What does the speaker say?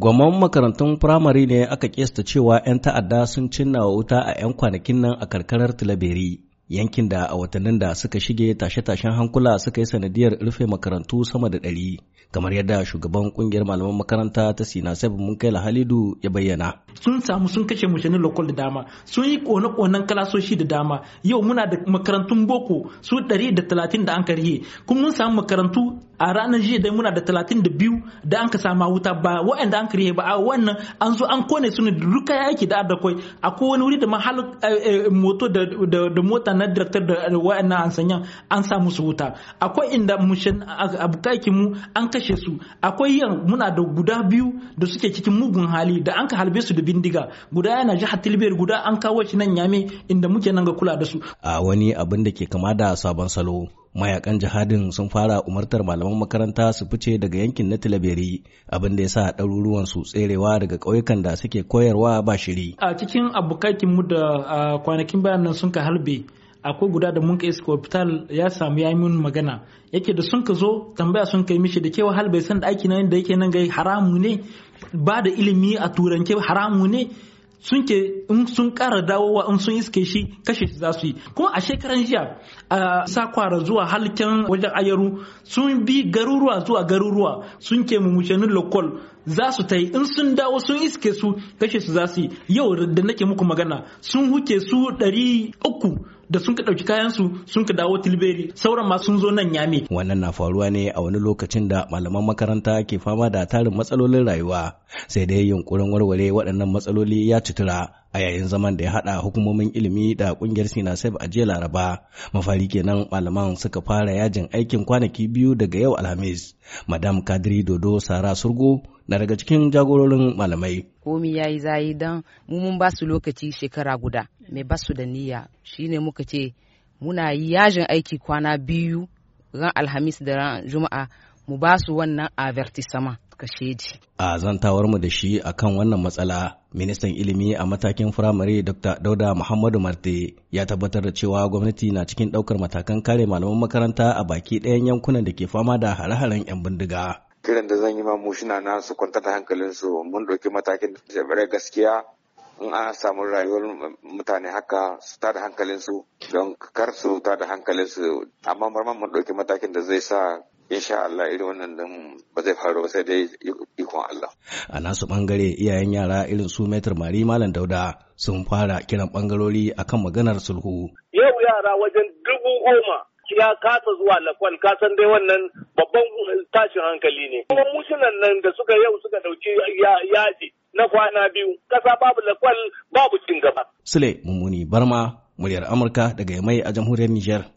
Gwamnan makarantun firamare ne aka kesta cewa 'yan ta'adda sun cinna wa wuta a 'yan kwanakin nan a karkarar Tilaberi. yankin da a watannin da suka shige tashe-tashen hankula suka yi sanadiyar rufe makarantu sama da ɗari kamar yadda shugaban kungiyar malaman makaranta ta sina sai mun kai halidu ya bayyana sun samu sun kashe mushanin lokal da dama sun yi kone-konen kalasoshi da dama yau muna da makarantun boko su ɗari da talatin da an karye kuma mun samu makarantu a ranar jiya dai muna da talatin da biyu da an ka sama wuta ba wa'anda an karye ba a wannan an zo an kone su ne duka yaki da adakwai akwai wani wuri da mahal eh, eh, moto da mota na director da wa'annan an sanya an sa musu wuta akwai inda mushin abukaki mu an kashe su akwai yan muna da guda biyu da suke cikin mugun hali da an ka halbe su da bindiga guda yana jihar tilbiyar guda an kawo shi nan yame inda muke nan ga kula da su a wani abin da ke kama da sabon salo mayakan jihadin sun fara umartar malaman makaranta su fice daga yankin na tilaberi abin da ya sa ɗaruruwan su tserewa daga ƙauyukan da suke koyarwa ba shiri a cikin abokakin mu da kwanakin bayanan nan sun ka halbe akwai guda da mun kai hospital ya samu ya min magana yake da sun ka zo tambaya sun kai mishi da ke wahal bai san da aiki yadda da yake nan gai haramu ne ba da ilimi a turance haramu ne sun ke in sun ƙara dawowa in sun iske shi kashe shi za su yi kuma a shekaran jiya a sakwara zuwa halken wajen ayaru sun bi garuruwa zuwa garuruwa sun ke mummushanin lokol za su ta yi in sun dawo sun iske su kashe su za su yi yau da nake muku magana sun huke su ɗari uku da sun ka ɗauki kayansu sun ka dawo tilberi sauran ma sun zo nan Yami. Wannan na faruwa ne a wani lokacin da malaman makaranta ke fama da tarin matsalolin rayuwa sai dai yunkurin warware waɗannan matsaloli ya cutura a yayin zaman da ya hada hukumomin ilimi da kungiyar sinasef a jiya laraba mafari kenan malaman suka fara yajin aikin kwanaki biyu daga yau alhamis madam kadiri dodo sara surgo na daga cikin jagororin malamai komi ya yi zayi dan mu mun ba su lokaci shekara guda mai ba su da niyya shine muka ce muna yi yajin aiki kwana biyu ran alhamis da ran juma'a mu ba su wannan avertisama kashedi. A zantawar mu da shi a kan wannan matsala, ministan ilimi a matakin firamare Dr. Dauda Muhammadu Marte ya tabbatar da cewa gwamnati na cikin ɗaukar matakan kare malaman makaranta a baki ɗayan yankunan da ke fama da hare-haren 'yan bindiga. Kiran da zan yi ma mushina na su kwanta da hankalinsu mun ɗauki matakin da gaskiya in an samu rayuwar mutane haka su tada hankalinsu don kar su tada hankalinsu amma marmar mun ɗauki matakin da zai sa insha Allah irin wannan din ba zai faru ba sai dai ikon Allah. A nasu bangare iyayen yara irin su Maitar Mari Malam Dauda sun fara kiran bangarori akan maganar sulhu. Yau yara wajen dubu goma ya kasa zuwa lakwal kasan dai wannan babban tashin hankali ne. Kuma mushinan nan da suka yau suka dauki yaji na kwana biyu kasa babu lakwal babu cin gaba. Sule Mummuni Barma muryar Amurka daga Yamai a jamhuriyar Nijar.